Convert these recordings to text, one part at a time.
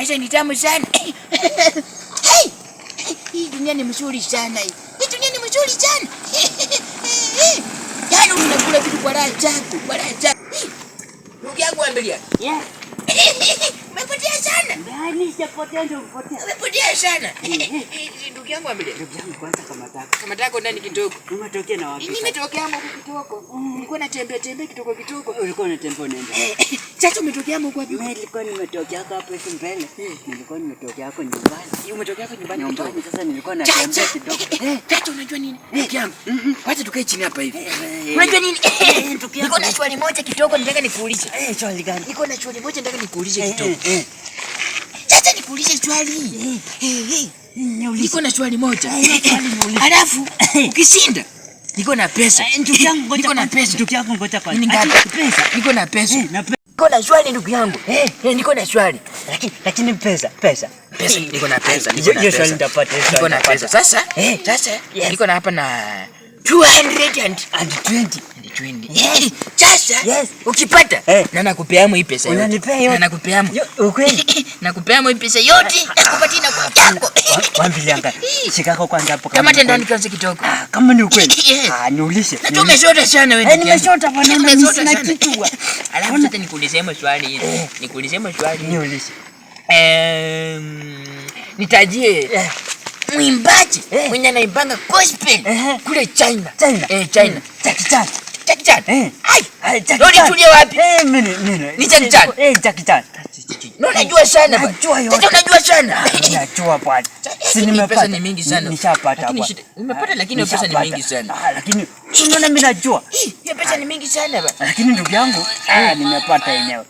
Maisha ni tamu sana. hey! Hii dunia ni mzuri sana. Hii hii dunia ni mzuri sana. Yaani unakula vitu kwa raha chako kwa raha chako Ndugu yangu angalia. Yeah. Umepotea sana. Ndani sijapotea ndio umepotea. Umepotea sana. Ndugu yangu amelia. Ndugu yangu kwanza kama tako. Kama tako ndani kidogo. Umetokea na wapi? Mimi nimetokea hapo kitoko. Mm. Nilikuwa natembea tembea kitoko kitoko. Oh, ulikuwa unatembea unaenda. Sasa umetokea hapo kwa bibi. Nilikuwa nimetokea hapo hivi mbele. Nilikuwa nimetokea hapo nyumbani. Yeye umetokea hapo nyumbani nyumbani. Sasa nilikuwa natembea kidogo. Tatu unajua nini? Ndugu yangu. Mm, mm. Wacha tukae chini hapa hivi. Unajua nini? Ndugu yangu. Niko na swali moja kidogo nataka nikuulize. Eh, swali gani? Niko na swali moja nataka nikuulize kidogo. Eh. Acha nikuulize swali. Eh, eh, niko na swali moja. Alafu ukishinda niko na pesa. Niko na pesa. Ndugu yangu ngoja kwanza. Niko na pesa. Niko na swali ndugu yangu. Eh, niko na swali. Lakini lakini pesa, pesa. Pesa niko na pesa. Niko na pesa. Niko na pesa. Sasa, sasa niko na hapa na sasa ukipata na nakupeamo hii pesa yote, nakupeamo hii pesa yote nakupatia ah, na kwa ah. chako. Wambilianga shikako kwanza hapo, kama tendo ni kazi kidogo, ah, kama ni ukweli ah, niulishe na tu. Umeshota sana wewe, eh, nimeshota bwana, sina kitu. Alafu sasa nikuulize swali hili, eh. nikuulize swali, niulishe, eh, nitajie mwimbaji eh, mwenye anaimba gospel eh, kule China China eh, China Jackie Chan Jackie Chan eh, ai Jackie Chan wapi? Eh, mimi mimi ni Jackie Chan eh, Jackie Chan Unajua sana Unajua yote. Sasa unajua sana. Unajua bwana. Si nimepata. Pesa ni mingi sana. Nishapata bwana. Nimepata lakini pesa ni mingi sana. Ah, Lakini ndio mimi najua. Hiyo pesa ni mingi sana bwana. Lakini ndugu yangu, ah eh, nimepata yenyewe.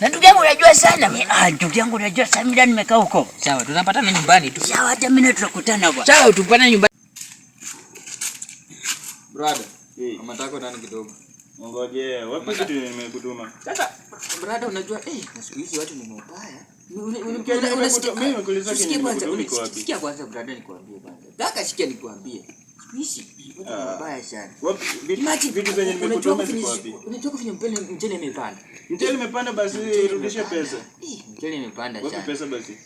Na ndugu yangu unajua sana baba. Ah ndugu yangu unajua sana mimi nimekaa huko. Sawa, tunapatana nyumbani tu. Sawa, hata mimi na tutakutana bwana. Sawa, tupatane nyumbani. Brother, kama tako ndani kidogo. Ngoje, wapi kitu nimekutuma? Sasa brother, unajua eh siku hizi watu ni mabaya. Mimi nimekuuliza kitu. Sikia kwanza brother, nikwambie kwanza. Taka sikia nikwambie. Mchele imepanda, mchele imepanda, basi rudisha pesa. Mchele imepanda pesa basi.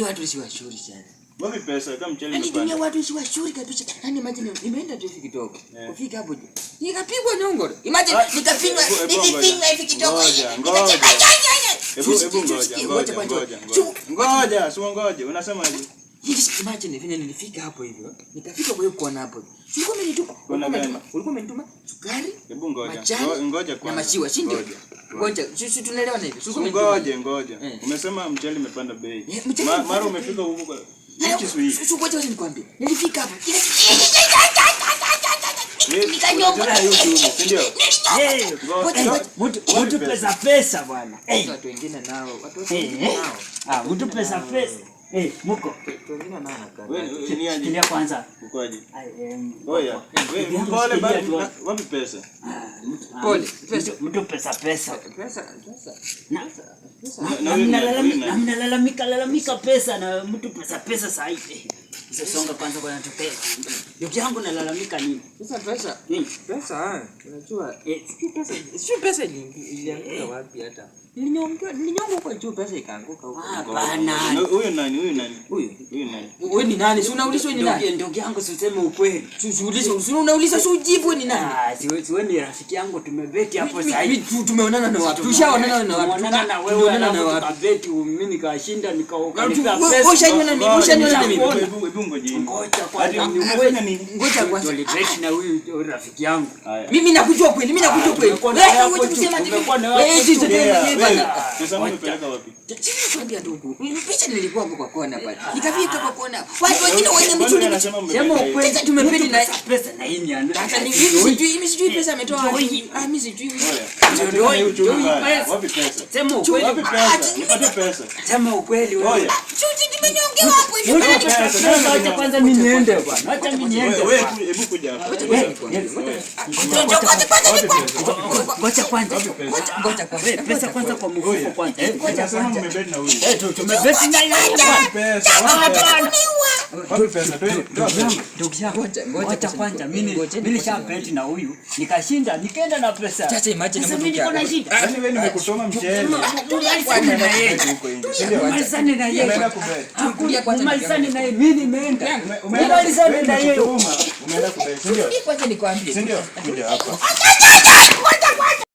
Na watu si washuri sana. Wapi pesa kama mchele yaani, imepanda? Ndio watu si washuri kabisa. Yaani imagine imeenda tu hivi kidogo. Kufika hapo juu. Nikapigwa nyongoro. Imagine ah, nikafinywa, nikafinywa hivi kidogo. Ngoja, ngoja, ngoja. Ngoja, ngoja. Unasemaje? Hivi imagine nifanye nilifika hapo hivyo. Nikafika kwa hiyo kona hapo. Ulikuwa umenituma. Ulikuwa umenituma sukari. Hebu ngoja. Ngoja kwanza. Na maziwa, si ndio? Ngoja. Sisi tunaelewana hivi. Ngoja, ngoja. Eh. Umesema mchele umepanda bei. Eh, mara umefika huko kwa eh, Hichi sui. Sisi ngoja wewe nikwambie. Nilifika hapo. Nikanyonga. Si ndio? Eh. Mtu mtu pesa pesa bwana. Eh. Watu wengine nao. Watu wengine nao. Ah, mtu pesa pesa. Eh, mko. Shikilia kwanza. Eh, Ukoje? Oya. Eh, pole bali wapi pesa? Ah, pole. Pesa. Mtu pesa pesa. Pesa. Pesa. Na mnalalamika lalamika pesa na mtu pesa pesa saa hii. Sasa songa kwanza kwa natokea. Ndugu yangu nalalamika nini? Pesa pesa. Pesa. Eh, unajua. Eh, si pesa. Si pesa ilianguka wapi hata? Nilinyonga huko juu pesa ikaanguka huko. Ah, hapana. Huyu nani? Huyu nani? Huyu. Huyu nani? Wewe ni nani? Si unauliza wewe ni nani? Ndugu yangu si useme ukweli. Si uliza, si unauliza si ujibu wewe ni nani? Ah, si wewe ni rafiki yangu tumebeti hapo sasa hivi. Tumeonana na watu. Tushaonana na watu. Tumeonana na wewe. Tumeonana na watu. Tukabeti mimi nikashinda nikaoka nika pesa. Ushaniona mimi, ushaniona mimi. Hebu ngoje. Ngoja kwanza. Ngoja nini? Ngoja kwanza. Tulibeti na huyu rafiki yangu. Mimi nakujua kweli, ah, mimi nakujua kweli. Wewe unasema hivi. Wewe Nikwambia ndugu, picha nilikuwa kwa kona bwana, nikafika kwa kona, watu wengine wenye mtu sema ukweli, tumependa na pesa na hii hata ni sijui mimi, sijui pesa ametoa wapi? Ah, mimi sijui ndio ndio wapi pesa? Sema ukweli, ah, nipatie pesa, sema ukweli wewe, chuti kimenyongewa hapo hivi. Acha kwanza mimi niende bwana, acha mimi niende. Wewe hebu kuja hapa, ngoja kwanza, ngoja kwanza, pesa kwanza Tuanze kwa mfuko kwanza. Nasema kwanza. Mimi nilishambeti na huyu, nikashinda, nikaenda na pesa. Sasa imagine mtu yako. Yaani wewe nimekusoma mshele. Tulisana yaani na yeye. Tulisana na yeye. Tukuja kwanza. Tulisana na yeye. Mimi nimeenda. Tulisana na yeye. Umeenda kubeti. Ndio. Kwanza nikwambie. Ndio. Ndio hapa. Ngoja ngoja.